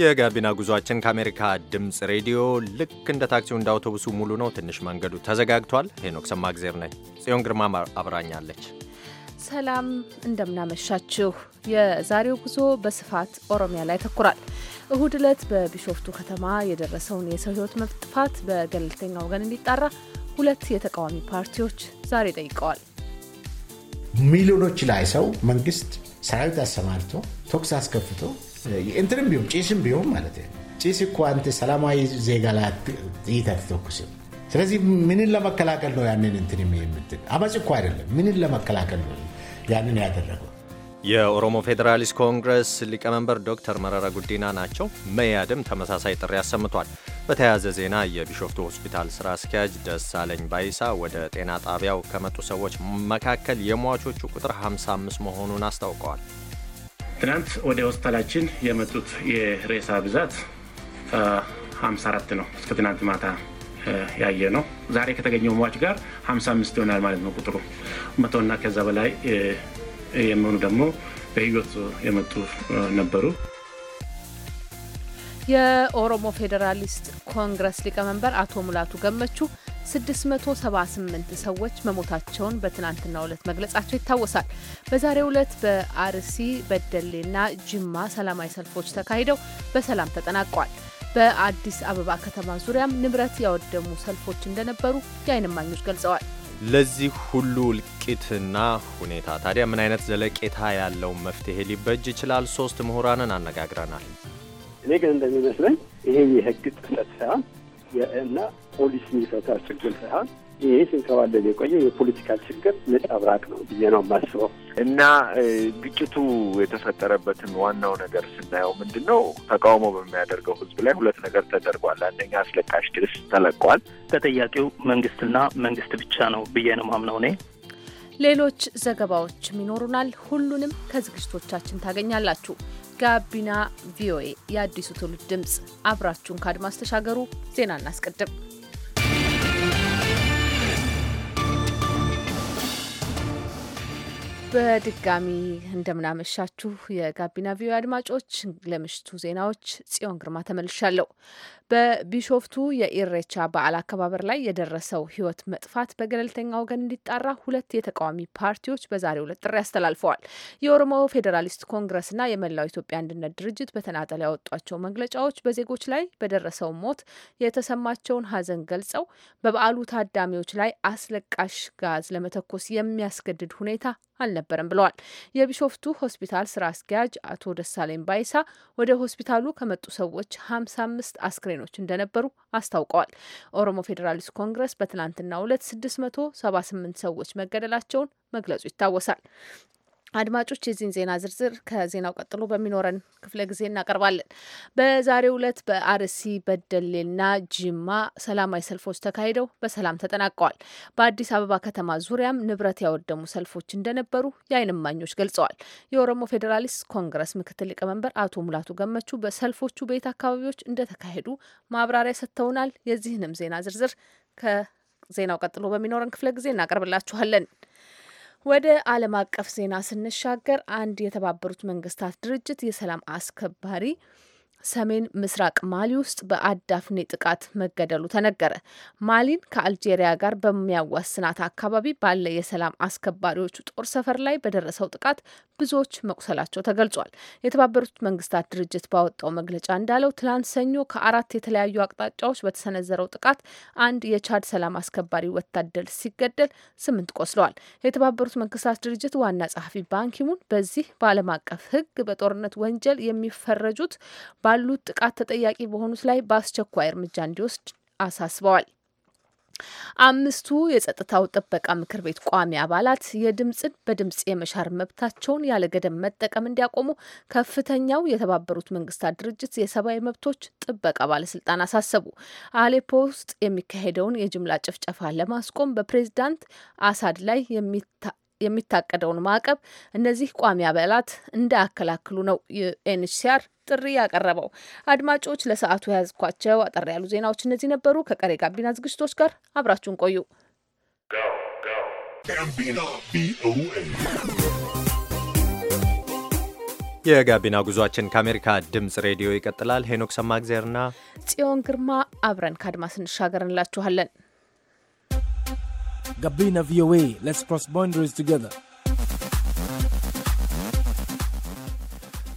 የጋቢና ጉዟችን ከአሜሪካ ድምፅ ሬዲዮ ልክ እንደ ታክሲው እንደ አውቶቡሱ ሙሉ ነው። ትንሽ መንገዱ ተዘጋግቷል። ሄኖክ ሰማግዜር ነኝ። ጽዮን ግርማ አብራኛለች። ሰላም እንደምናመሻችሁ። የዛሬው ጉዞ በስፋት ኦሮሚያ ላይ ያተኩራል። እሁድ ዕለት በቢሾፍቱ ከተማ የደረሰውን የሰው ሕይወት መጥፋት በገለልተኛ ወገን እንዲጣራ ሁለት የተቃዋሚ ፓርቲዎች ዛሬ ጠይቀዋል። ሚሊዮኖች ላይ ሰው መንግስት ሰራዊት አሰማርቶ ተኩስ አስከፍቶ እንትንም ቢሆን ጭስም ቢሆን ማለት ጭስ እኮ አንተ ሰላማዊ ዜጋ ላይ ጥይት አትተኩስም። ስለዚህ ምንን ለመከላከል ነው ያንን እንትን የምትል አመፅ እኮ አይደለም። ምንን ለመከላከል ነው ያንን ያደረገው? የኦሮሞ ፌዴራሊስት ኮንግረስ ሊቀመንበር ዶክተር መረራ ጉዲና ናቸው። መያድም ተመሳሳይ ጥሪ አሰምቷል። በተያያዘ ዜና የቢሾፍቱ ሆስፒታል ስራ አስኪያጅ ደሳለኝ ባይሳ ወደ ጤና ጣቢያው ከመጡ ሰዎች መካከል የሟቾቹ ቁጥር 55 መሆኑን አስታውቀዋል። ትናንት ወደ ሆስፒታላችን የመጡት የሬሳ ብዛት 54 ነው። እስከ ትናንት ማታ ያየ ነው። ዛሬ ከተገኘው ሟች ጋር 55 ይሆናል ማለት ነው ቁጥሩ። መቶና ከዛ በላይ የሚሆኑ ደግሞ በህይወት የመጡ ነበሩ። የኦሮሞ ፌዴራሊስት ኮንግረስ ሊቀመንበር አቶ ሙላቱ ገመቹ 678 ሰዎች መሞታቸውን በትናንትናው ዕለት መግለጻቸው ይታወሳል። በዛሬው ዕለት በአርሲ በደሌና ጅማ ሰላማዊ ሰልፎች ተካሂደው በሰላም ተጠናቋል። በአዲስ አበባ ከተማ ዙሪያም ንብረት ያወደሙ ሰልፎች እንደነበሩ የዓይን እማኞች ገልጸዋል። ለዚህ ሁሉ እልቂትና ሁኔታ ታዲያ ምን አይነት ዘለቄታ ያለው መፍትሄ ሊበጅ ይችላል? ሶስት ምሁራንን አነጋግረናል። እኔ ግን እንደሚመስለኝ ይሄ የህግ ጥሰት ሳይሆን እና ፖሊስ የሚፈታ ችግር ሳይሆን ይህ ስንከባለል የቆየው የፖለቲካ ችግር ነጸብራቅ ነው ብዬ ነው የማስበው። እና ግጭቱ የተፈጠረበትን ዋናው ነገር ስናየው ምንድን ነው? ተቃውሞ በሚያደርገው ህዝብ ላይ ሁለት ነገር ተደርጓል። አንደኛ አስለቃሽ ጭስ ተለቋል። ተጠያቂው መንግስትና መንግስት ብቻ ነው ብዬ ነው ማምነው እኔ። ሌሎች ዘገባዎችም ይኖሩናል። ሁሉንም ከዝግጅቶቻችን ታገኛላችሁ። ጋቢና ቪኦኤ የአዲሱ ትውልድ ድምፅ፣ አብራችሁን ከአድማስ ተሻገሩ። ዜና እናስቀድም። በድጋሚ እንደምናመሻችሁ የጋቢና ቪዮ አድማጮች፣ ለምሽቱ ዜናዎች ጽዮን ግርማ ተመልሻለሁ። በቢሾፍቱ የኢሬቻ በዓል አከባበር ላይ የደረሰው ህይወት መጥፋት በገለልተኛ ወገን እንዲጣራ ሁለት የተቃዋሚ ፓርቲዎች በዛሬው ዕለት ጥሪ አስተላልፈዋል። የኦሮሞ ፌዴራሊስት ኮንግረስና የመላው ኢትዮጵያ አንድነት ድርጅት በተናጠል ያወጧቸው መግለጫዎች በዜጎች ላይ በደረሰው ሞት የተሰማቸውን ሀዘን ገልጸው በበዓሉ ታዳሚዎች ላይ አስለቃሽ ጋዝ ለመተኮስ የሚያስገድድ ሁኔታ አልነበረም ብለዋል። የቢሾፍቱ ሆስፒታል ስራ አስኪያጅ አቶ ደሳለኝ ባይሳ ወደ ሆስፒታሉ ከመጡ ሰዎች ሀምሳ አምስት አስክሬ አስክሬኖች እንደነበሩ አስታውቀዋል። ኦሮሞ ፌዴራሊስት ኮንግረስ በትናንትናው ዕለት 78 ሰዎች መገደላቸውን መግለጹ ይታወሳል። አድማጮች የዚህን ዜና ዝርዝር ከዜናው ቀጥሎ በሚኖረን ክፍለ ጊዜ እናቀርባለን። በዛሬው ዕለት በአርሲ በደሌና ጅማ ሰላማዊ ሰልፎች ተካሂደው በሰላም ተጠናቀዋል። በአዲስ አበባ ከተማ ዙሪያም ንብረት ያወደሙ ሰልፎች እንደነበሩ የዓይን እማኞች ገልጸዋል። የኦሮሞ ፌዴራሊስት ኮንግረስ ምክትል ሊቀመንበር አቶ ሙላቱ ገመቹ በሰልፎቹ ቤት አካባቢዎች እንደተካሄዱ ማብራሪያ ሰጥተውናል። የዚህንም ዜና ዝርዝር ከዜናው ቀጥሎ በሚኖረን ክፍለ ጊዜ እናቀርብላችኋለን። ወደ ዓለም አቀፍ ዜና ስንሻገር አንድ የተባበሩት መንግስታት ድርጅት የሰላም አስከባሪ ሰሜን ምስራቅ ማሊ ውስጥ በአዳፍኔ ጥቃት መገደሉ ተነገረ። ማሊን ከአልጄሪያ ጋር በሚያዋስናት አካባቢ ባለ የሰላም አስከባሪዎቹ ጦር ሰፈር ላይ በደረሰው ጥቃት ብዙዎች መቁሰላቸው ተገልጿል። የተባበሩት መንግስታት ድርጅት ባወጣው መግለጫ እንዳለው ትላንት ሰኞ ከአራት የተለያዩ አቅጣጫዎች በተሰነዘረው ጥቃት አንድ የቻድ ሰላም አስከባሪ ወታደር ሲገደል፣ ስምንት ቆስለዋል። የተባበሩት መንግስታት ድርጅት ዋና ጸሐፊ ባንኪሙን በዚህ በዓለም አቀፍ ህግ በጦርነት ወንጀል የሚፈረጁት ባሉት ጥቃት ተጠያቂ በሆኑት ላይ በአስቸኳይ እርምጃ እንዲወስድ አሳስበዋል። አምስቱ የጸጥታው ጥበቃ ምክር ቤት ቋሚ አባላት የድምፅን በድምፅ የመሻር መብታቸውን ያለገደብ መጠቀም እንዲያቆሙ ከፍተኛው የተባበሩት መንግስታት ድርጅት የሰብአዊ መብቶች ጥበቃ ባለስልጣን አሳሰቡ። አሌፖ ውስጥ የሚካሄደውን የጅምላ ጭፍጨፋ ለማስቆም በፕሬዚዳንት አሳድ ላይ የሚታቀደውን ማዕቀብ እነዚህ ቋሚ አባላት እንዳያከላክሉ ነው የዩኤንኤችሲአር ጥሪ ያቀረበው። አድማጮች ለሰዓቱ የያዝኳቸው አጠር ያሉ ዜናዎች እነዚህ ነበሩ። ከቀሪ ጋቢና ዝግጅቶች ጋር አብራችሁን ቆዩ። የጋቢና ጉዟችን ከአሜሪካ ድምፅ ሬዲዮ ይቀጥላል። ሄኖክ ሰማእግዜርና ጽዮን ግርማ አብረን ከአድማስ እንሻገር እንላችኋለን። Gabina VOA. Let's cross boundaries together.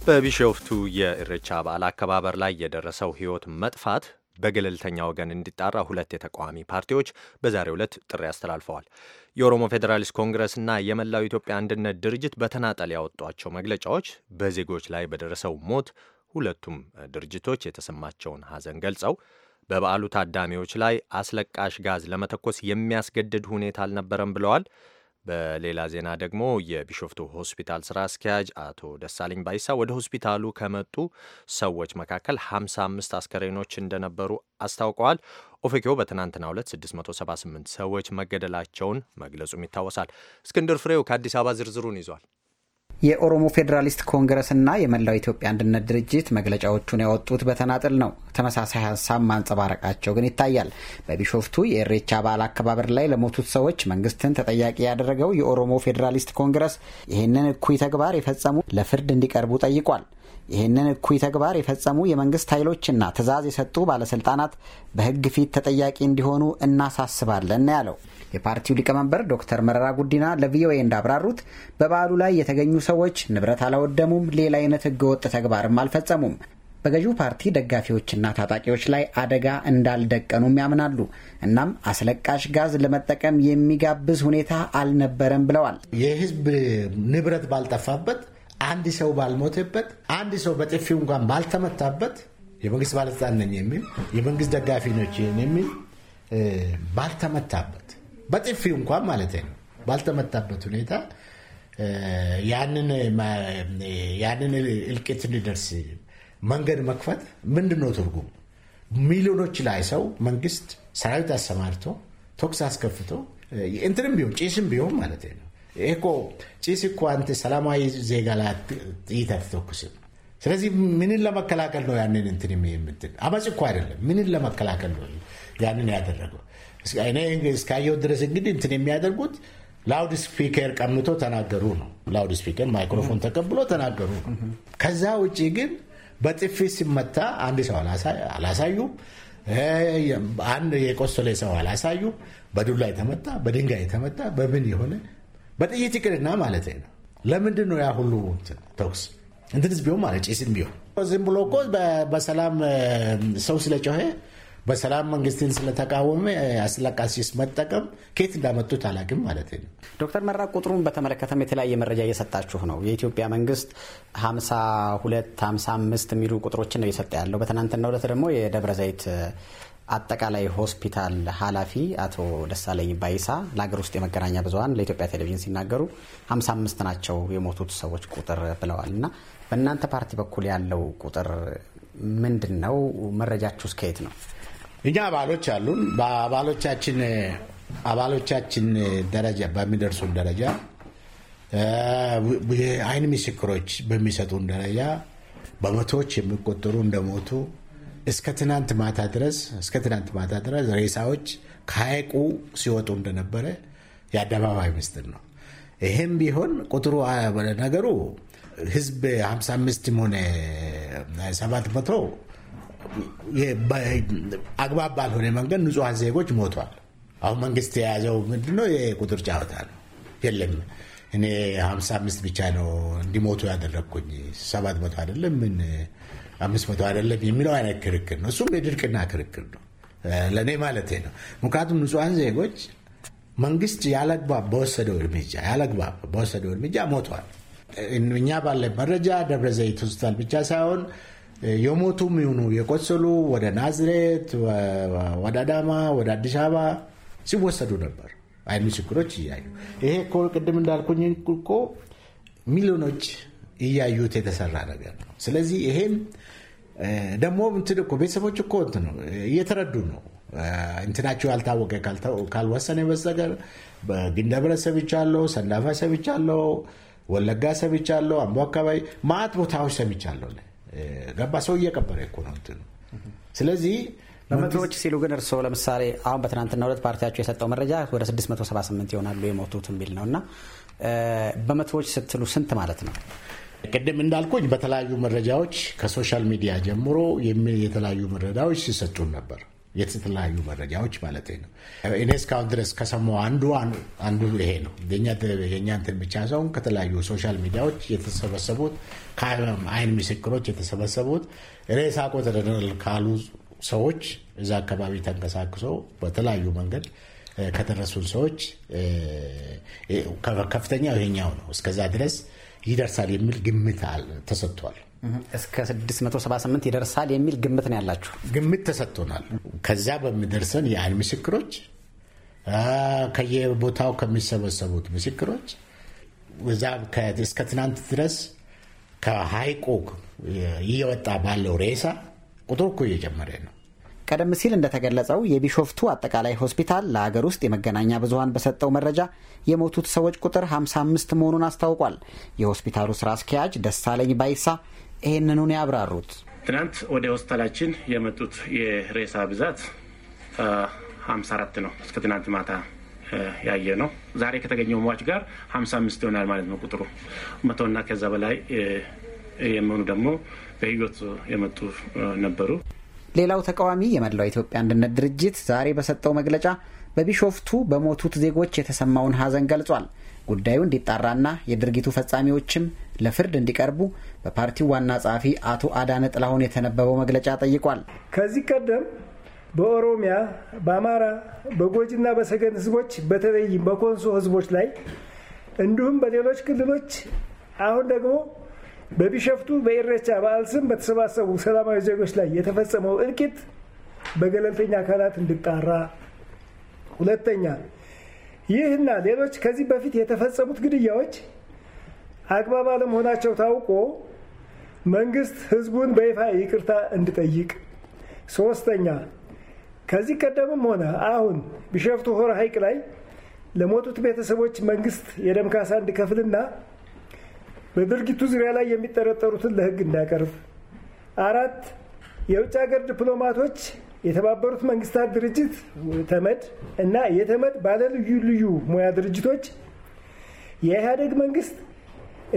በቢሾፍቱ የእርቻ በዓል አከባበር ላይ የደረሰው ሕይወት መጥፋት በገለልተኛ ወገን እንዲጣራ ሁለት የተቃዋሚ ፓርቲዎች በዛሬው ዕለት ጥሪ አስተላልፈዋል። የኦሮሞ ፌዴራሊስት ኮንግረስና የመላው ኢትዮጵያ አንድነት ድርጅት በተናጠል ያወጧቸው መግለጫዎች በዜጎች ላይ በደረሰው ሞት ሁለቱም ድርጅቶች የተሰማቸውን ሐዘን ገልጸው በበዓሉ ታዳሚዎች ላይ አስለቃሽ ጋዝ ለመተኮስ የሚያስገድድ ሁኔታ አልነበረም ብለዋል። በሌላ ዜና ደግሞ የቢሾፍቱ ሆስፒታል ስራ አስኪያጅ አቶ ደሳለኝ ባይሳ ወደ ሆስፒታሉ ከመጡ ሰዎች መካከል 55 አስከሬኖች እንደነበሩ አስታውቀዋል። ኦፌኬዮ በትናንትናው ዕለት 678 ሰዎች መገደላቸውን መግለጹም ይታወሳል። እስክንድር ፍሬው ከአዲስ አበባ ዝርዝሩን ይዟል። የኦሮሞ ፌዴራሊስት ኮንግረስና የመላው ኢትዮጵያ አንድነት ድርጅት መግለጫዎቹን ያወጡት በተናጥል ነው። ተመሳሳይ ሀሳብ ማንጸባረቃቸው ግን ይታያል። በቢሾፍቱ የእሬቻ በዓል አከባበር ላይ ለሞቱት ሰዎች መንግስትን ተጠያቂ ያደረገው የኦሮሞ ፌዴራሊስት ኮንግረስ ይህንን እኩይ ተግባር የፈጸሙ ለፍርድ እንዲቀርቡ ጠይቋል። ይህንን እኩይ ተግባር የፈጸሙ የመንግስት ኃይሎችና ትዕዛዝ የሰጡ ባለስልጣናት በሕግ ፊት ተጠያቂ እንዲሆኑ እናሳስባለን ያለው። የፓርቲው ሊቀመንበር ዶክተር መረራ ጉዲና ለቪኦኤ እንዳብራሩት በበዓሉ ላይ የተገኙ ሰዎች ንብረት አላወደሙም፣ ሌላ አይነት ህገወጥ ተግባርም አልፈጸሙም። በገዢው ፓርቲ ደጋፊዎችና ታጣቂዎች ላይ አደጋ እንዳልደቀኑም ያምናሉ። እናም አስለቃሽ ጋዝ ለመጠቀም የሚጋብዝ ሁኔታ አልነበረም ብለዋል። የህዝብ ንብረት ባልጠፋበት አንድ ሰው ባልሞተበት፣ አንድ ሰው በጥፊ እንኳን ባልተመታበት የመንግስት ባለስልጣን ነኝ የሚል የመንግስት ደጋፊ ነች የሚል ባልተመታበት፣ በጥፊ እንኳን ማለት ነው ባልተመታበት ሁኔታ ያንን እልቂት እንዲደርስ መንገድ መክፈት ምንድን ነው ትርጉም? ሚሊዮኖች ላይ ሰው መንግስት ሰራዊት አሰማርቶ ቶክስ አስከፍቶ እንትንም ቢሆን ጭስም ቢሆን ማለት ነው እኮ ጭስ እኮ አንተ ሰላማዊ ዜጋ ላይ ጥይት አትተኩስም። ስለዚህ ምንን ለመከላከል ነው ያንን እንትን የምትል አመፅ እኮ አይደለም። ምንን ለመከላከል ነው ያንን ያደረገው? እኔ እስካየው ድረስ እንግዲህ እንትን የሚያደርጉት ላውድ ስፒከር ቀምቶ ተናገሩ ነው። ላውድ ስፒከር ማይክሮፎን ተቀብሎ ተናገሩ ነው። ከዛ ውጭ ግን በጥፊ ሲመታ አንድ ሰው አላሳዩም። አንድ የቆሰለ ሰው አላሳዩም። በዱላ የተመታ በድንጋይ የተመታ በምን የሆነ በጥይት ይቅርና ማለት ነው። ለምንድን ነው ያ ሁሉ ተኩስ እንትንስ ቢሆን ማለት ጭስን ቢሆን ዝም ብሎ እኮ በሰላም ሰው ስለጮኸ በሰላም መንግስትን ስለተቃወመ አስለቃሲስ መጠቀም ከየት እንዳመጡት አላውቅም ማለት ነው። ዶክተር መራ ቁጥሩን በተመለከተም የተለያየ መረጃ እየሰጣችሁ ነው። የኢትዮጵያ መንግስት 52 55 የሚሉ ቁጥሮችን ነው እየሰጠ ያለው። በትናንትናው ዕለት ደግሞ የደብረ ዘይት አጠቃላይ ሆስፒታል ኃላፊ አቶ ደሳለኝ ባይሳ ለሀገር ውስጥ የመገናኛ ብዙኃን ለኢትዮጵያ ቴሌቪዥን ሲናገሩ 55 ናቸው የሞቱት ሰዎች ቁጥር ብለዋል። እና በእናንተ ፓርቲ በኩል ያለው ቁጥር ምንድን ነው? መረጃችሁ እስከ ነው? እኛ አባሎች አሉን። በአባሎቻችን አባሎቻችን ደረጃ በሚደርሱን ደረጃ የአይን ምስክሮች በሚሰጡን ደረጃ በመቶዎች የሚቆጠሩ እንደሞቱ እስከ ትናንት ማታ ድረስ እስከ ትናንት ማታ ድረስ ሬሳዎች ከሀይቁ ሲወጡ እንደነበረ የአደባባይ ምስጢር ነው። ይህም ቢሆን ቁጥሩ ነገሩ ህዝብ 55 ሆነ 700 አግባብ ባልሆነ መንገድ ንጹሐን ዜጎች ሞቷል። አሁን መንግስት የያዘው ምንድነው? የቁጥር ጫወታ ነው። የለም እኔ ሀምሳ አምስት ብቻ ነው እንዲሞቱ ያደረግኩኝ ሰባት መቶ አይደለም ምን አምስት መቶ አይደለም የሚለው አይነት ክርክር ነው። እሱም የድርቅና ክርክር ነው ለእኔ ማለት ነው። ምክንያቱም ንጹሐን ዜጎች መንግስት ያለግባብ በወሰደው እርምጃ ያለግባብ በወሰደው እርምጃ ሞቷል። እኛ ባለ መረጃ ደብረ ዘይት ሆስፒታል ብቻ ሳይሆን የሞቱም ይሁኑ የቆሰሉ ወደ ናዝሬት፣ ወደ አዳማ፣ ወደ አዲስ አበባ ሲወሰዱ ነበር። አይን ምስክሮች እያዩ ይሄ እኮ ቅድም እንዳልኩኝ እኮ ሚሊዮኖች እያዩት የተሰራ ነገር ነው። ስለዚህ ይሄም ደግሞ እንትን እኮ ቤተሰቦች እኮ እንትን ነው እየተረዱ ነው። እንትናቸው ያልታወቀ ካልወሰነ በስተቀር ግን ደብረ ሰምቻለሁ፣ ሰንዳፋ ሰምቻለሁ፣ ወለጋ ሰምቻለሁ፣ አምቦ አካባቢ ማአት ቦታዎች ሰምቻለሁ። ገባ ሰው እየቀበረ እኮ ነው እንትኑ። ስለዚህ በመቶዎች ሲሉ ግን እርስዎ ለምሳሌ አሁን በትናንትና ሁለት ፓርቲያቸው የሰጠው መረጃ ወደ 678 ይሆናሉ የሞቱት የሚል ነው እና በመቶዎች ስትሉ ስንት ማለት ነው? ቅድም እንዳልኩኝ በተለያዩ መረጃዎች ከሶሻል ሚዲያ ጀምሮ የተለያዩ መረጃዎች ሲሰጡን ነበር። የተለያዩ መረጃዎች ማለት ነው። እኔ እስካሁን ድረስ ከሰማሁ አንዱ አንዱ ይሄ ነው። የእኛንትን ብቻ ሰውን ከተለያዩ ሶሻል ሚዲያዎች የተሰበሰቡት ከአይን ምስክሮች የተሰበሰቡት ሬሳ ቆጥረናል ካሉ ሰዎች እዛ አካባቢ ተንቀሳቅሶ በተለያዩ መንገድ ከደረሱን ሰዎች ከፍተኛው ይሄኛው ነው። እስከዛ ድረስ ይደርሳል የሚል ግምት ተሰጥቷል። እስከ 678 ይደርሳል የሚል ግምት ነው ያላችሁ? ግምት ተሰጥቶናል። ከዛ በሚደርሰን የአይን ምስክሮች፣ ከየቦታው ከሚሰበሰቡት ምስክሮች እዛ እስከ ትናንት ድረስ ከሀይቁ እየወጣ ባለው ሬሳ ቁጥር እኮ እየጨመረ ነው። ቀደም ሲል እንደተገለጸው የቢሾፍቱ አጠቃላይ ሆስፒታል ለሀገር ውስጥ የመገናኛ ብዙኃን በሰጠው መረጃ የሞቱት ሰዎች ቁጥር 55 መሆኑን አስታውቋል። የሆስፒታሉ ስራ አስኪያጅ ደሳለኝ ባይሳ ይህንኑን ያብራሩት ትናንት ወደ ሆስፒታላችን የመጡት የሬሳ ብዛት 54 ነው። እስከ ትናንት ማታ ያየ ነው። ዛሬ ከተገኘው ሟች ጋር 55 ይሆናል ማለት ነው ቁጥሩ መቶና ከዛ በላይ የሚሆኑ ደግሞ በህይወት የመጡ ነበሩ። ሌላው ተቃዋሚ የመላው ኢትዮጵያ አንድነት ድርጅት ዛሬ በሰጠው መግለጫ በቢሾፍቱ በሞቱት ዜጎች የተሰማውን ሐዘን ገልጿል። ጉዳዩ እንዲጣራና የድርጊቱ ፈጻሚዎችም ለፍርድ እንዲቀርቡ በፓርቲው ዋና ጸሐፊ አቶ አዳነ ጥላሁን የተነበበው መግለጫ ጠይቋል። ከዚህ ቀደም በኦሮሚያ፣ በአማራ፣ በጎጂና በሰገን ህዝቦች በተለይም በኮንሶ ህዝቦች ላይ እንዲሁም በሌሎች ክልሎች አሁን ደግሞ በቢሸፍቱ በኢሬቻ በዓል ስም በተሰባሰቡ ሰላማዊ ዜጎች ላይ የተፈጸመው እልቂት በገለልተኛ አካላት እንዲጣራ። ሁለተኛ ይህና ሌሎች ከዚህ በፊት የተፈጸሙት ግድያዎች አግባብ አለመሆናቸው ታውቆ መንግስት ህዝቡን በይፋ ይቅርታ እንዲጠይቅ። ሶስተኛ ከዚህ ቀደምም ሆነ አሁን ቢሸፍቱ ሆረ ሐይቅ ላይ ለሞቱት ቤተሰቦች መንግስት የደም ካሳ እንዲከፍልና በድርጊቱ ዙሪያ ላይ የሚጠረጠሩትን ለህግ እንዲያቀርብ። አራት የውጭ ሀገር ዲፕሎማቶች የተባበሩት መንግስታት ድርጅት ተመድ እና የተመድ ባለ ልዩ ልዩ ሙያ ድርጅቶች የኢህአዴግ መንግስት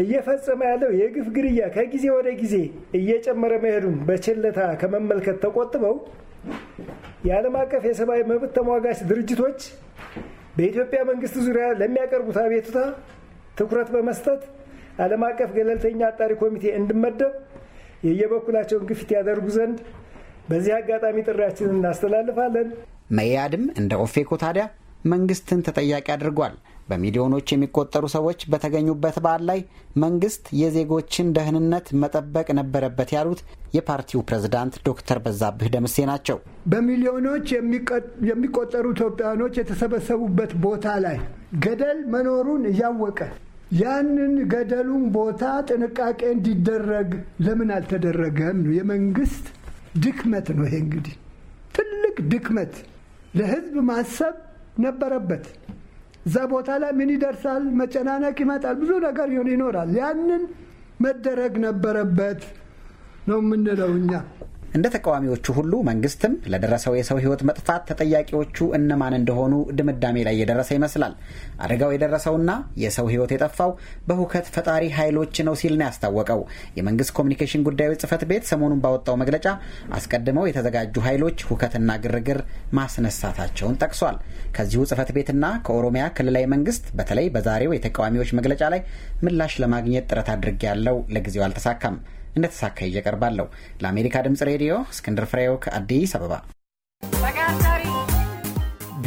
እየፈጸመ ያለው የግፍ ግድያ ከጊዜ ወደ ጊዜ እየጨመረ መሄዱን በቸልታ ከመመልከት ተቆጥበው የዓለም አቀፍ የሰብአዊ መብት ተሟጋች ድርጅቶች በኢትዮጵያ መንግስት ዙሪያ ለሚያቀርቡት አቤቱታ ትኩረት በመስጠት ዓለም አቀፍ ገለልተኛ አጣሪ ኮሚቴ እንድመደብ የየበኩላቸውን ግፊት ያደርጉ ዘንድ በዚህ አጋጣሚ ጥሪያችንን እናስተላልፋለን። መያድም እንደ ኦፌኮ ታዲያ መንግስትን ተጠያቂ አድርጓል። በሚሊዮኖች የሚቆጠሩ ሰዎች በተገኙበት በዓል ላይ መንግስት የዜጎችን ደህንነት መጠበቅ ነበረበት ያሉት የፓርቲው ፕሬዝዳንት ዶክተር በዛብህ ደምሴ ናቸው። በሚሊዮኖች የሚቆጠሩ ኢትዮጵያኖች የተሰበሰቡበት ቦታ ላይ ገደል መኖሩን እያወቀ ያንን ገደሉን ቦታ ጥንቃቄ እንዲደረግ ለምን አልተደረገም? ነው የመንግስት ድክመት ነው። ይሄ እንግዲህ ትልቅ ድክመት ለህዝብ ማሰብ ነበረበት። እዛ ቦታ ላይ ምን ይደርሳል? መጨናነቅ ይመጣል፣ ብዙ ነገር ይሆን ይኖራል። ያንን መደረግ ነበረበት ነው የምንለው እኛ። እንደ ተቃዋሚዎቹ ሁሉ መንግስትም ለደረሰው የሰው ህይወት መጥፋት ተጠያቂዎቹ እነማን እንደሆኑ ድምዳሜ ላይ የደረሰ ይመስላል። አደጋው የደረሰውና የሰው ህይወት የጠፋው በሁከት ፈጣሪ ኃይሎች ነው ሲል ነው ያስታወቀው። የመንግስት ኮሚኒኬሽን ጉዳዮች ጽህፈት ቤት ሰሞኑን ባወጣው መግለጫ አስቀድመው የተዘጋጁ ኃይሎች ሁከትና ግርግር ማስነሳታቸውን ጠቅሷል። ከዚሁ ጽህፈት ቤትና ከኦሮሚያ ክልላዊ መንግስት በተለይ በዛሬው የተቃዋሚዎች መግለጫ ላይ ምላሽ ለማግኘት ጥረት አድርጌ ያለው ለጊዜው አልተሳካም። እንደተሳካ እየቀርባለሁ። ለአሜሪካ ድምጽ ሬዲዮ እስክንድር ፍሬው ከአዲስ አበባ።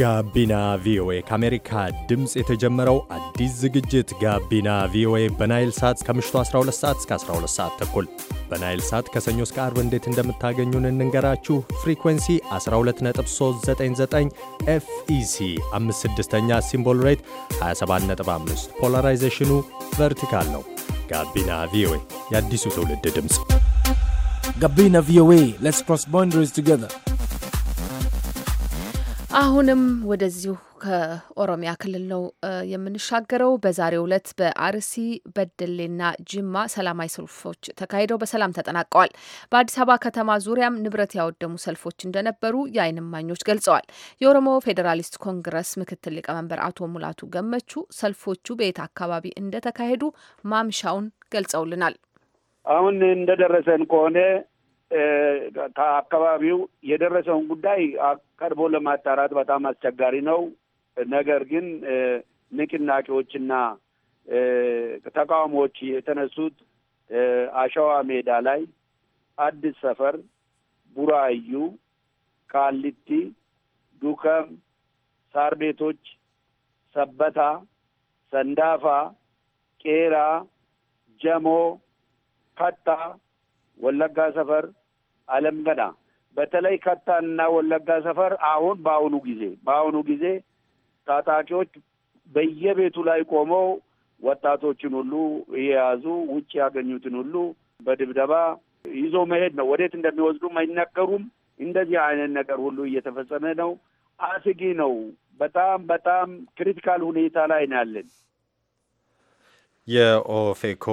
ጋቢና ቪኦኤ ከአሜሪካ ድምፅ የተጀመረው አዲስ ዝግጅት ጋቢና ቪኦኤ በናይል ሳት ከምሽቱ 12 ሰዓት እስከ 12 ሰዓት ተኩል በናይል ሳት ከሰኞ እስከ አርብ እንዴት እንደምታገኙን እንንገራችሁ። ፍሪኩንሲ 12399 ፍኢሲ 56ኛ ሲምቦል ሬት 275 ፖላራይዜሽኑ ቨርቲካል ነው። ጋቢና ቪኦኤ የአዲሱ ትውልድ ድምፅ። ጋቢና ቪኦኤ ሌትስ ክሮስ ባውንደሪስ ቱጌዘር አሁንም ወደዚሁ ከኦሮሚያ ክልል ነው የምንሻገረው። በዛሬው ዕለት በአርሲ በደሌና ጅማ ሰላማዊ ሰልፎች ተካሂደው በሰላም ተጠናቀዋል። በአዲስ አበባ ከተማ ዙሪያም ንብረት ያወደሙ ሰልፎች እንደነበሩ የዓይን እማኞች ገልጸዋል። የኦሮሞ ፌዴራሊስት ኮንግረስ ምክትል ሊቀመንበር አቶ ሙላቱ ገመቹ ሰልፎቹ በየት አካባቢ እንደተካሄዱ ማምሻውን ገልጸውልናል። አሁን እንደደረሰን ከሆነ ከአካባቢው የደረሰውን ጉዳይ ቀድቦ ለማጣራት በጣም አስቸጋሪ ነው። ነገር ግን ንቅናቄዎችና ተቃውሞዎች የተነሱት አሸዋ ሜዳ ላይ፣ አዲስ ሰፈር፣ ቡራዩ፣ ቃሊቲ፣ ዱከም፣ ሳር ቤቶች፣ ሰበታ፣ ሰንዳፋ፣ ቄራ፣ ጀሞ፣ ከታ ወለጋ ሰፈር፣ አለም ገና በተለይ ከታና ወለጋ ሰፈር አሁን በአሁኑ ጊዜ በአሁኑ ጊዜ ታጣቂዎች በየቤቱ ላይ ቆመው ወጣቶችን ሁሉ እየያዙ ውጭ ያገኙትን ሁሉ በድብደባ ይዞ መሄድ ነው። ወዴት እንደሚወስዱም አይነገሩም። እንደዚህ አይነት ነገር ሁሉ እየተፈጸመ ነው። አስጊ ነው። በጣም በጣም ክሪቲካል ሁኔታ ላይ ነው ያለን። የኦፌኮ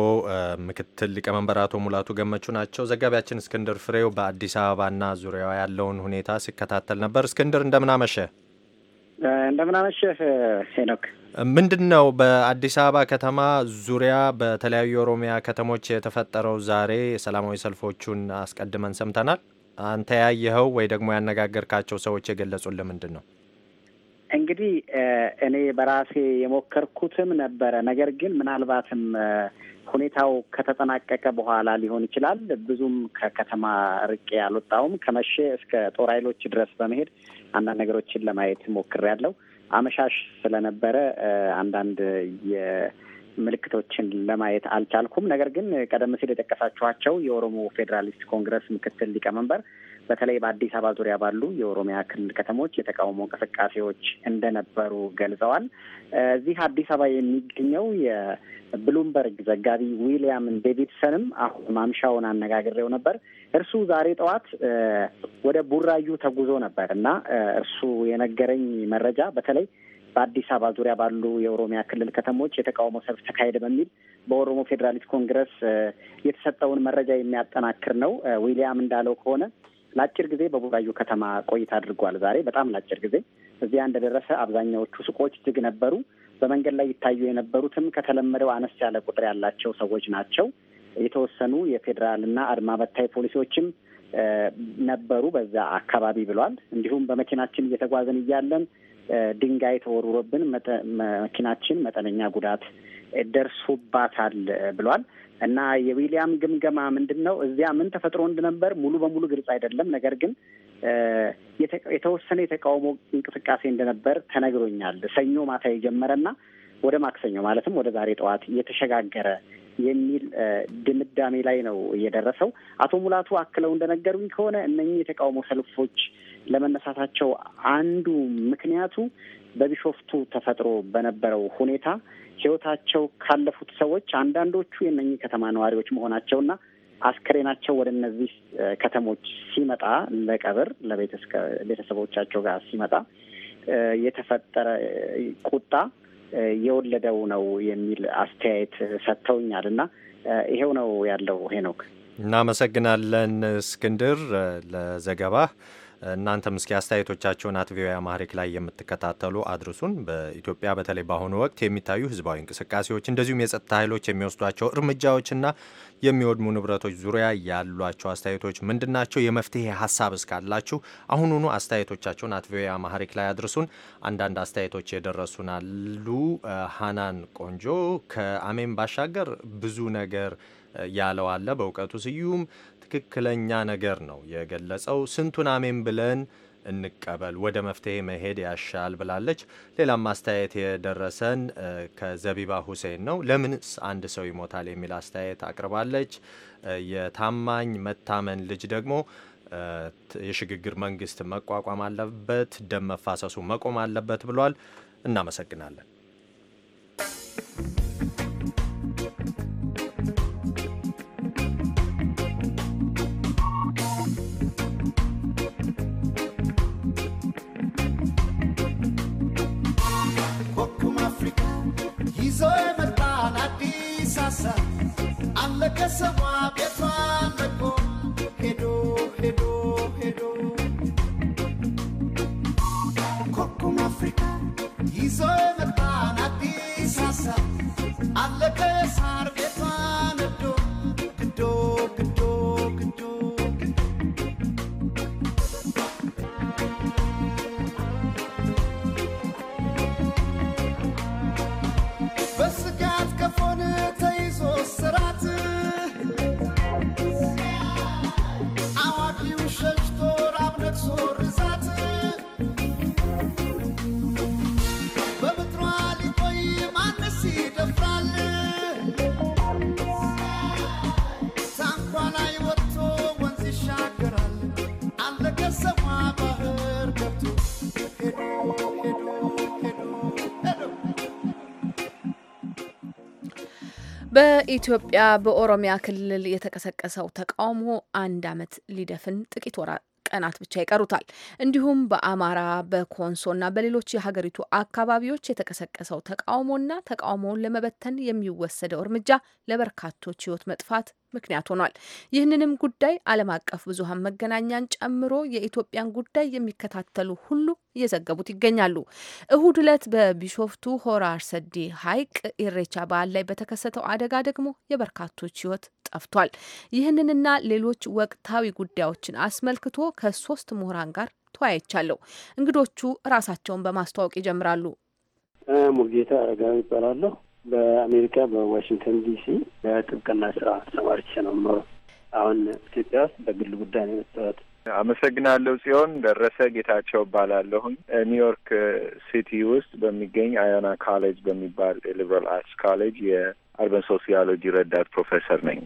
ምክትል ሊቀመንበር አቶ ሙላቱ ገመቹ ናቸው። ዘጋቢያችን እስክንድር ፍሬው በአዲስ አበባና ዙሪያዋ ያለውን ሁኔታ ሲከታተል ነበር። እስክንድር እንደምናመሸ እንደምናመሸ ሄኖክ። ምንድን ነው በአዲስ አበባ ከተማ ዙሪያ በተለያዩ የኦሮሚያ ከተሞች የተፈጠረው ዛሬ የሰላማዊ ሰልፎቹን አስቀድመን ሰምተናል። አንተ ያየኸው ወይ ደግሞ ያነጋገርካቸው ሰዎች የገለጹልን ምንድን ነው? እንግዲህ እኔ በራሴ የሞከርኩትም ነበረ። ነገር ግን ምናልባትም ሁኔታው ከተጠናቀቀ በኋላ ሊሆን ይችላል። ብዙም ከከተማ ርቄ አልወጣውም። ከመቼ እስከ ጦር ኃይሎች ድረስ በመሄድ አንዳንድ ነገሮችን ለማየት ሞክሬያለሁ። አመሻሽ ስለነበረ አንዳንድ ምልክቶችን ለማየት አልቻልኩም። ነገር ግን ቀደም ሲል የጠቀሳችኋቸው የኦሮሞ ፌዴራሊስት ኮንግረስ ምክትል ሊቀመንበር በተለይ በአዲስ አበባ ዙሪያ ባሉ የኦሮሚያ ክልል ከተሞች የተቃውሞ እንቅስቃሴዎች እንደነበሩ ገልጸዋል። እዚህ አዲስ አበባ የሚገኘው የብሉምበርግ ዘጋቢ ዊሊያምን ዴቪድሰንም አሁን ማምሻውን አነጋግሬው ነበር። እርሱ ዛሬ ጠዋት ወደ ቡራዩ ተጉዞ ነበር እና እርሱ የነገረኝ መረጃ በተለይ በአዲስ አበባ ዙሪያ ባሉ የኦሮሚያ ክልል ከተሞች የተቃውሞ ሰልፍ ተካሄደ በሚል በኦሮሞ ፌዴራሊስት ኮንግረስ የተሰጠውን መረጃ የሚያጠናክር ነው። ዊሊያም እንዳለው ከሆነ ለአጭር ጊዜ በቡራዩ ከተማ ቆይታ አድርጓል። ዛሬ በጣም ለአጭር ጊዜ እዚያ እንደደረሰ አብዛኛዎቹ ሱቆች ዝግ ነበሩ። በመንገድ ላይ ይታዩ የነበሩትም ከተለመደው አነስ ያለ ቁጥር ያላቸው ሰዎች ናቸው። የተወሰኑ የፌዴራልና አድማ በታይ ፖሊሲዎችም ነበሩ በዛ አካባቢ ብሏል። እንዲሁም በመኪናችን እየተጓዘን እያለን ድንጋይ ተወርሮብን መኪናችን መጠነኛ ጉዳት ደርሶባታል ብሏል። እና የዊሊያም ግምገማ ምንድን ነው? እዚያ ምን ተፈጥሮ እንደነበር ሙሉ በሙሉ ግልጽ አይደለም። ነገር ግን የተወሰነ የተቃውሞ እንቅስቃሴ እንደነበር ተነግሮኛል። ሰኞ ማታ የጀመረ እና ወደ ማክሰኞ ማለትም ወደ ዛሬ ጠዋት እየተሸጋገረ የሚል ድምዳሜ ላይ ነው እየደረሰው። አቶ ሙላቱ አክለው እንደነገሩኝ ከሆነ እነኚህ የተቃውሞ ሰልፎች ለመነሳታቸው አንዱ ምክንያቱ በቢሾፍቱ ተፈጥሮ በነበረው ሁኔታ ህይወታቸው ካለፉት ሰዎች አንዳንዶቹ የነኚህ ከተማ ነዋሪዎች መሆናቸውና አስከሬናቸው ወደ እነዚህ ከተሞች ሲመጣ ለቀብር ለቤተሰቦቻቸው ጋር ሲመጣ የተፈጠረ ቁጣ የወለደው ነው የሚል አስተያየት ሰጥተውኛል። እና ይሄው ነው ያለው ሄኖክ። እናመሰግናለን እስክንድር ለዘገባ። እናንተም እስኪ አስተያየቶቻቸውን አትቪዮ ቪኦኤ አማሪክ ላይ የምትከታተሉ አድርሱን። በኢትዮጵያ በተለይ በአሁኑ ወቅት የሚታዩ ህዝባዊ እንቅስቃሴዎች እንደዚሁም የጸጥታ ኃይሎች የሚወስዷቸው እርምጃዎችና የሚወድሙ ንብረቶች ዙሪያ ያሏቸው አስተያየቶች ምንድናቸው? የመፍትሄ ሀሳብ እስካላችሁ አሁኑኑ አስተያየቶቻቸውን አትቪዮ አማሪክ ላይ አድርሱን። አንዳንድ አስተያየቶች የደረሱን አሉ። ሀናን ቆንጆ ከአሜን ባሻገር ብዙ ነገር ያለው አለ በእውቀቱ ስዩም ትክክለኛ ነገር ነው የገለጸው። ስንቱን አሜን ብለን እንቀበል፣ ወደ መፍትሄ መሄድ ያሻል ብላለች። ሌላም አስተያየት የደረሰን ከዘቢባ ሁሴን ነው። ለምንስ አንድ ሰው ይሞታል የሚል አስተያየት አቅርባለች። የታማኝ መታመን ልጅ ደግሞ የሽግግር መንግስት መቋቋም አለበት፣ ደም መፋሰሱ መቆም አለበት ብሏል። እናመሰግናለን። kasama get fa ኢትዮጵያ በኦሮሚያ ክልል የተቀሰቀሰው ተቃውሞ አንድ ዓመት ሊደፍን ጥቂት ወራ ቀናት ብቻ ይቀሩታል። እንዲሁም በአማራ በኮንሶና በሌሎች የሀገሪቱ አካባቢዎች የተቀሰቀሰው ተቃውሞና ተቃውሞውን ለመበተን የሚወሰደው እርምጃ ለበርካቶች ሕይወት መጥፋት ምክንያት ሆኗል። ይህንንም ጉዳይ ዓለም አቀፍ ብዙሀን መገናኛን ጨምሮ የኢትዮጵያን ጉዳይ የሚከታተሉ ሁሉ እየዘገቡት ይገኛሉ። እሁድ ዕለት በቢሾፍቱ ሆራር ሰዲ ሐይቅ ኢሬቻ በዓል ላይ በተከሰተው አደጋ ደግሞ የበርካቶች ሕይወት ጠፍቷል። ይህንንና ሌሎች ወቅታዊ ጉዳዮችን አስመልክቶ ከሶስት ምሁራን ጋር ተወያይቻለሁ። እንግዶቹ ራሳቸውን በማስተዋወቅ ይጀምራሉ። ሙልጌታ አረጋዊ ይባላለሁ። በአሜሪካ በዋሽንግተን ዲሲ በጥብቅና ስራ ተሰማርቼ ነው የምኖረው። አሁን ኢትዮጵያ ውስጥ በግል ጉዳይ ነው የመጣሁት። አመሰግናለሁ ጽዮን ደረሰ ጌታቸው እባላለሁኝ ኒውዮርክ ሲቲ ውስጥ በሚገኝ አዮና ካሌጅ በሚባል ሊበራል አርትስ ካሌጅ የአርበን ሶሲዮሎጂ ረዳት ፕሮፌሰር ነኝ።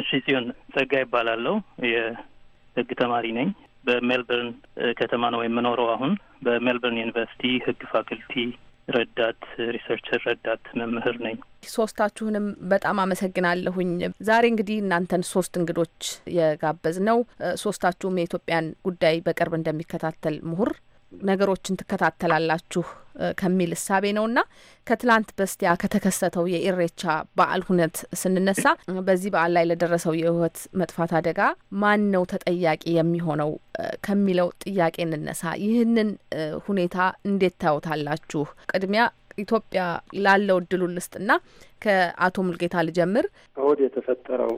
እሺ ጽዮን ጸጋ ይባላለሁ የህግ ተማሪ ነኝ። በሜልበርን ከተማ ነው የምኖረው። አሁን በሜልበርን ዩኒቨርሲቲ ህግ ፋክልቲ ረዳት ሪሰርቸር ረዳት መምህር ነኝ። ሶስታችሁንም በጣም አመሰግናለሁኝ። ዛሬ እንግዲህ እናንተን ሶስት እንግዶች የጋበዝ ነው ሶስታችሁም የኢትዮጵያን ጉዳይ በቅርብ እንደሚከታተል ምሁር ነገሮችን ትከታተላላችሁ ከሚል እሳቤ ነውና ከትላንት በስቲያ ከተከሰተው የኢሬቻ በዓል ሁነት ስንነሳ በዚህ በዓል ላይ ለደረሰው የህይወት መጥፋት አደጋ ማን ነው ተጠያቂ የሚሆነው ከሚለው ጥያቄ እንነሳ። ይህንን ሁኔታ እንዴት ታዩታላችሁ? ቅድሚያ ኢትዮጵያ ላለው እድሉ ልስጥና ከአቶ ሙልጌታ ልጀምር። እሁድ የተፈጠረው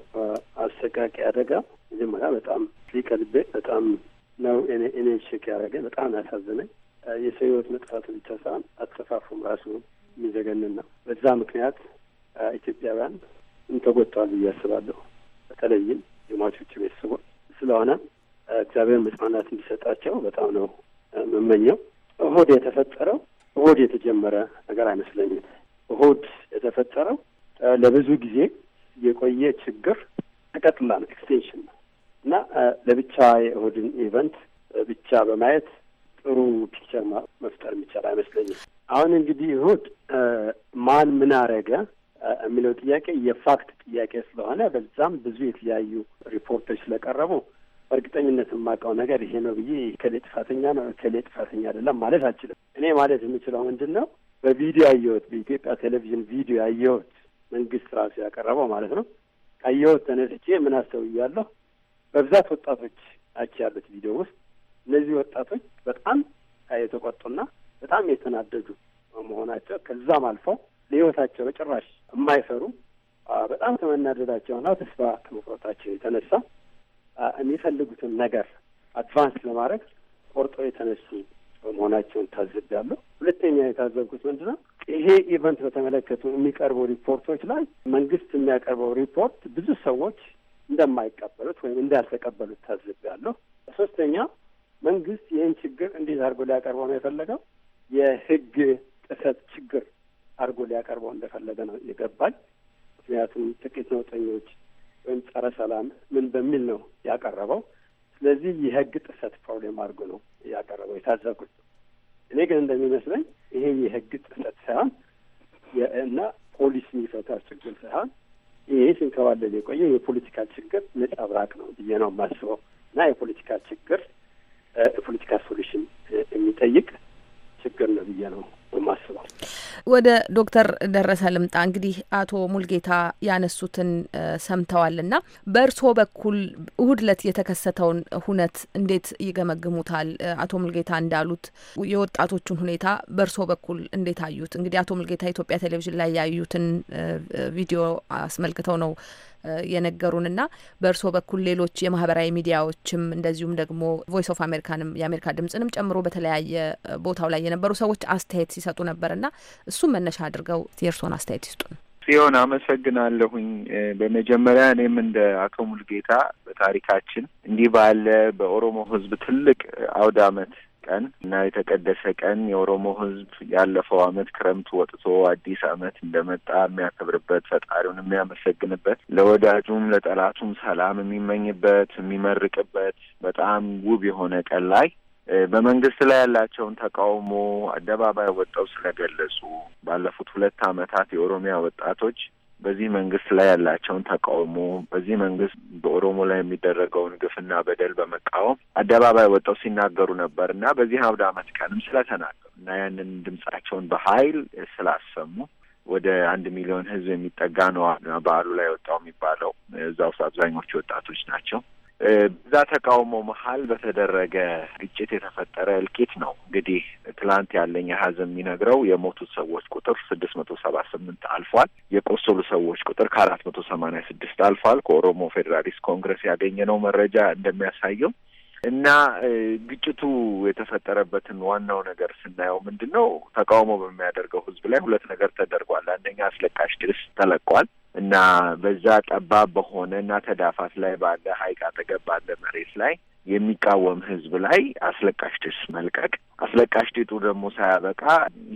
አሰቃቂ አደጋ መጀመሪያ በጣም ሊቀልቤ በጣም ነው እኔ ሽክ ያደረገ በጣም ያሳዝነኝ። የሰው ህይወት መጥፋት ብቻ ሳይሆን አጠፋፉም ራሱ የሚዘገንን ነው። በዛ ምክንያት ኢትዮጵያውያን እንተጎጥተዋል ብዬ አስባለሁ። በተለይም የሟቾቹ ቤተሰቦች ስለሆነ እግዚአብሔር መጽናናት እንዲሰጣቸው በጣም ነው የምመኘው። እሁድ የተፈጠረው እሁድ የተጀመረ ነገር አይመስለኝም። እሁድ የተፈጠረው ለብዙ ጊዜ የቆየ ችግር ተቀጥላ ነው፣ ኤክስቴንሽን ነው። እና ለብቻ የእሁድን ኢቨንት ብቻ በማየት ጥሩ ፒክቸር መፍጠር የሚቻል አይመስለኝም። አሁን እንግዲህ እሁድ ማን ምን አረገ የሚለው ጥያቄ የፋክት ጥያቄ ስለሆነ በዛም ብዙ የተለያዩ ሪፖርቶች ስለቀረቡ በእርግጠኝነት የማውቀው ነገር ይሄ ነው ብዬ ከሌ ጥፋተኛ ነው ከሌ ጥፋተኛ አይደለም ማለት አልችልም። እኔ ማለት የምችለው ምንድን ነው በቪዲዮ ያየሁት በኢትዮጵያ ቴሌቪዥን ቪዲዮ ያየሁት መንግስት ራሱ ያቀረበው ማለት ነው ካየሁት ተነስቼ ምን አስተውያለሁ በብዛት ወጣቶች ናቸው ያሉት ቪዲዮ ውስጥ። እነዚህ ወጣቶች በጣም የተቆጡና በጣም የተናደዱ መሆናቸው ከዛም አልፈው ለህይወታቸው በጭራሽ የማይፈሩ በጣም ከመናደዳቸውና ተስፋ ከመቁረጣቸው የተነሳ የሚፈልጉትን ነገር አድቫንስ ለማድረግ ቆርጦ የተነሱ መሆናቸውን ታዝቤያለሁ። ሁለተኛ የታዘብኩት ምንድን ነው? ይሄ ኢቨንት በተመለከቱ የሚቀርቡ ሪፖርቶች ላይ መንግስት የሚያቀርበው ሪፖርት ብዙ ሰዎች እንደማይቀበሉት ወይም እንዳልተቀበሉት ታዝቤያለሁ። ሶስተኛ መንግስት ይህን ችግር እንዴት አድርጎ ሊያቀርበው ነው የፈለገው? የህግ ጥሰት ችግር አድርጎ ሊያቀርበው እንደፈለገ ነው የገባኝ። ምክንያቱም ጥቂት ነውጠኞች ወይም ጸረ ሰላም ምን በሚል ነው ያቀረበው። ስለዚህ የህግ ጥሰት ፕሮብሌም አድርጎ ነው ያቀረበው የታዘብኩት። እኔ ግን እንደሚመስለኝ ይሄ የህግ ጥሰት ሳይሆን እና ፖሊስ የሚፈታ ችግር ሳይሆን ይሄ ሲንከባለል የቆየው የፖለቲካ ችግር ነጸብራቅ ነው ብዬ ነው የማስበው እና የፖለቲካ ችግር የፖለቲካ ሶሉሽን የሚጠይቅ ችግር ነው ብዬ ነው የማስበው። ወደ ዶክተር ደረሰ ልምጣ። እንግዲህ አቶ ሙልጌታ ያነሱትን ሰምተዋል እና በእርስዎ በኩል እሁድ የተከሰተውን ሁነት እንዴት ይገመግሙታል? አቶ ሙልጌታ እንዳሉት የወጣቶቹን ሁኔታ በእርስዎ በኩል እንዴት አዩት? እንግዲህ አቶ ሙልጌታ ኢትዮጵያ ቴሌቪዥን ላይ ያዩትን ቪዲዮ አስመልክተው ነው የነገሩን እና በእርስዎ በኩል ሌሎች የማህበራዊ ሚዲያዎችም እንደዚሁም ደግሞ ቮይስ ኦፍ አሜሪካንም የአሜሪካ ድምጽንም ጨምሮ በተለያየ ቦታው ላይ የነበሩ ሰዎች አስተያየት ሲሰጡ ነበርና እሱ መነሻ አድርገው የእርስዎን አስተያየት ይስጡን። ጽዮን አመሰግናለሁኝ። በመጀመሪያ እኔም እንደ አቶ ሙልጌታ በታሪካችን እንዲህ ባለ በኦሮሞ ሕዝብ ትልቅ አውድ አመት ቀን እና የተቀደሰ ቀን የኦሮሞ ሕዝብ ያለፈው አመት ክረምት ወጥቶ አዲስ አመት እንደመጣ የሚያከብርበት ፈጣሪውን የሚያመሰግንበት ለወዳጁም ለጠላቱም ሰላም የሚመኝበት የሚመርቅበት በጣም ውብ የሆነ ቀን ላይ በመንግስት ላይ ያላቸውን ተቃውሞ አደባባይ ወጣው ስለገለጹ ባለፉት ሁለት አመታት የኦሮሚያ ወጣቶች በዚህ መንግስት ላይ ያላቸውን ተቃውሞ በዚህ መንግስት በኦሮሞ ላይ የሚደረገውን ግፍና በደል በመቃወም አደባባይ ወጣው ሲናገሩ ነበር እና በዚህ አውደ ዓመት ቀንም ስለተናገሩ እና ያንን ድምጻቸውን በሀይል ስላሰሙ ወደ አንድ ሚሊዮን ህዝብ የሚጠጋ ነው በዓሉ ላይ ወጣው የሚባለው። እዛ ውስጥ አብዛኞቹ ወጣቶች ናቸው። በዛ ተቃውሞ መሀል በተደረገ ግጭት የተፈጠረ እልቂት ነው። እንግዲህ ትላንት ያለኝ ሀዘን የሚነግረው የሞቱት ሰዎች ቁጥር ስድስት መቶ ሰባ ስምንት አልፏል። የቆሰሉ ሰዎች ቁጥር ከአራት መቶ ሰማኒያ ስድስት አልፏል። ከኦሮሞ ፌዴራሊስት ኮንግረስ ያገኘ ነው መረጃ እንደሚያሳየው እና ግጭቱ የተፈጠረበትን ዋናው ነገር ስናየው ምንድን ነው ተቃውሞ በሚያደርገው ህዝብ ላይ ሁለት ነገር ተደርጓል። አንደኛ አስለቃሽ ጭስ ተለቋል እና በዛ ጠባብ በሆነ እና ተዳፋት ላይ ባለ ሀይቅ አጠገብ ባለ መሬት ላይ የሚቃወም ህዝብ ላይ አስለቃሽ ጭስ መልቀቅ፣ አስለቃሽ ጢጡ ደግሞ ሳያበቃ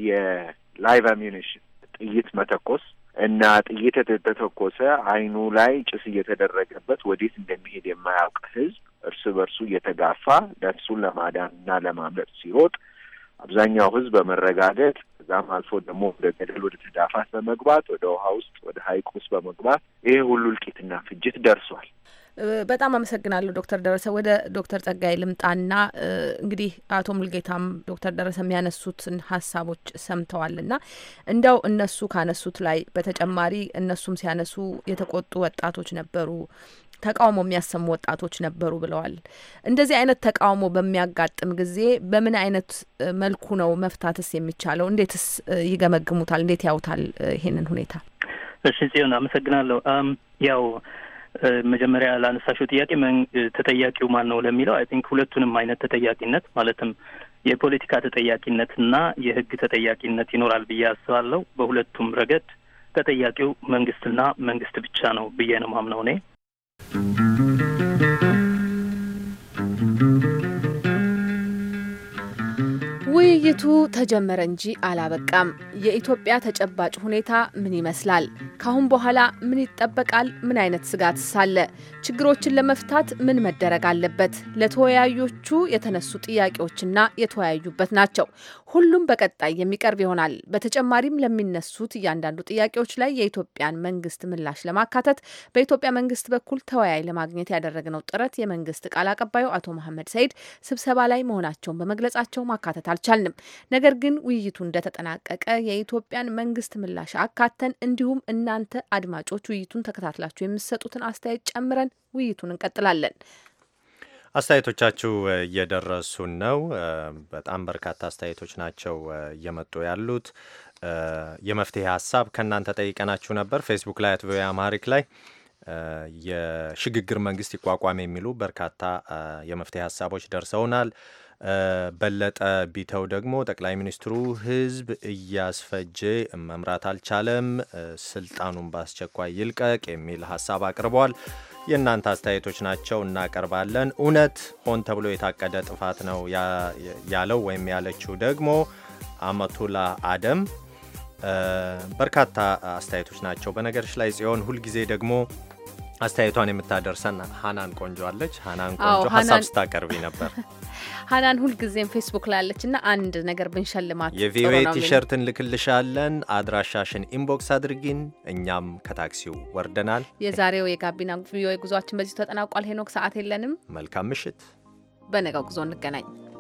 የላይቭ አሚኒሽን ጥይት መተኮስ እና ጥይት የተተኮሰ አይኑ ላይ ጭስ እየተደረገበት ወዴት እንደሚሄድ የማያውቅ ህዝብ እርስ በርሱ እየተጋፋ ነፍሱን እና ለማምለጥ ሲሮጥ አብዛኛው ህዝብ በመረጋገጥ ከዛም አልፎ ደግሞ ወደ ገደል ወደ ተዳፋት በመግባት ወደ ውሃ ውስጥ ወደ ሀይቅ ውስጥ በመግባት ይሄ ሁሉ እልቂትና ፍጅት ደርሷል። በጣም አመሰግናለሁ ዶክተር ደረሰ። ወደ ዶክተር ጸጋይ ልምጣና እንግዲህ አቶ ሙልጌታም ዶክተር ደረሰ የሚያነሱትን ሀሳቦች ሰምተዋልና እንደው እነሱ ካነሱት ላይ በተጨማሪ እነሱም ሲያነሱ የተቆጡ ወጣቶች ነበሩ ተቃውሞ የሚያሰሙ ወጣቶች ነበሩ ብለዋል። እንደዚህ አይነት ተቃውሞ በሚያጋጥም ጊዜ በምን አይነት መልኩ ነው መፍታትስ የሚቻለው? እንዴትስ ይገመግሙታል? እንዴት ያውታል ይሄንን ሁኔታ? እሺ ጽዮን አመሰግናለሁ። ያው መጀመሪያ ላነሳሽው ጥያቄ ተጠያቂው ማን ነው ለሚለው አይ ቲንክ ሁለቱንም አይነት ተጠያቂነት ማለትም የፖለቲካ ተጠያቂነት የህግ ተጠያቂነት ይኖራል ብዬ አስባለሁ። በሁለቱም ረገድ ተጠያቂው መንግስትና መንግስት ብቻ ነው ብዬ ነው ማምነው እኔ Mm-hmm. ውይይቱ ተጀመረ እንጂ አላበቃም። የኢትዮጵያ ተጨባጭ ሁኔታ ምን ይመስላል? ካሁን በኋላ ምን ይጠበቃል? ምን አይነት ስጋት ሳለ? ችግሮችን ለመፍታት ምን መደረግ አለበት? ለተወያዮቹ የተነሱ ጥያቄዎችና የተወያዩበት ናቸው። ሁሉም በቀጣይ የሚቀርብ ይሆናል። በተጨማሪም ለሚነሱት እያንዳንዱ ጥያቄዎች ላይ የኢትዮጵያን መንግስት ምላሽ ለማካተት በኢትዮጵያ መንግስት በኩል ተወያይ ለማግኘት ያደረግነው ጥረት የመንግስት ቃል አቀባዩ አቶ መሐመድ ሰይድ ስብሰባ ላይ መሆናቸውን በመግለጻቸው ማካተት አልቻልንም። ነገር ግን ውይይቱ እንደተጠናቀቀ የኢትዮጵያን መንግስት ምላሽ አካተን እንዲሁም እናንተ አድማጮች ውይይቱን ተከታትላችሁ የምትሰጡትን አስተያየት ጨምረን ውይይቱን እንቀጥላለን። አስተያየቶቻችሁ እየደረሱን ነው። በጣም በርካታ አስተያየቶች ናቸው እየመጡ ያሉት። የመፍትሄ ሀሳብ ከእናንተ ጠይቀናችሁ ነበር። ፌስቡክ ላይ አት አማሪክ ላይ የሽግግር መንግስት ይቋቋም የሚሉ በርካታ የመፍትሄ ሀሳቦች ደርሰውናል። በለጠ ቢተው ደግሞ ጠቅላይ ሚኒስትሩ ህዝብ እያስፈጀ መምራት አልቻለም፣ ስልጣኑን በአስቸኳይ ይልቀቅ የሚል ሀሳብ አቅርበዋል። የእናንተ አስተያየቶች ናቸው፣ እናቀርባለን። እውነት ሆን ተብሎ የታቀደ ጥፋት ነው ያለው ወይም ያለችው ደግሞ አመቱላ አደም። በርካታ አስተያየቶች ናቸው። በነገሮች ላይ ጽዮን ሁልጊዜ ደግሞ አስተያየቷን የምታደርሰን ሀናን ቆንጆ አለች። ሀናን ቆንጆ ሀሳብ ስታቀርቢ ነበር። ሀናን ሁልጊዜም ፌስቡክ ላይ አለች እና አንድ ነገር ብንሸልማት የቪኦኤ ቲሸርት እንልክልሻለን። አድራሻሽን ኢንቦክስ አድርጊን። እኛም ከታክሲው ወርደናል። የዛሬው የጋቢና ቪኦኤ ጉዟችን በዚሁ ተጠናቋል። ሄኖክ፣ ሰዓት የለንም። መልካም ምሽት። በነገው ጉዞ እንገናኝ።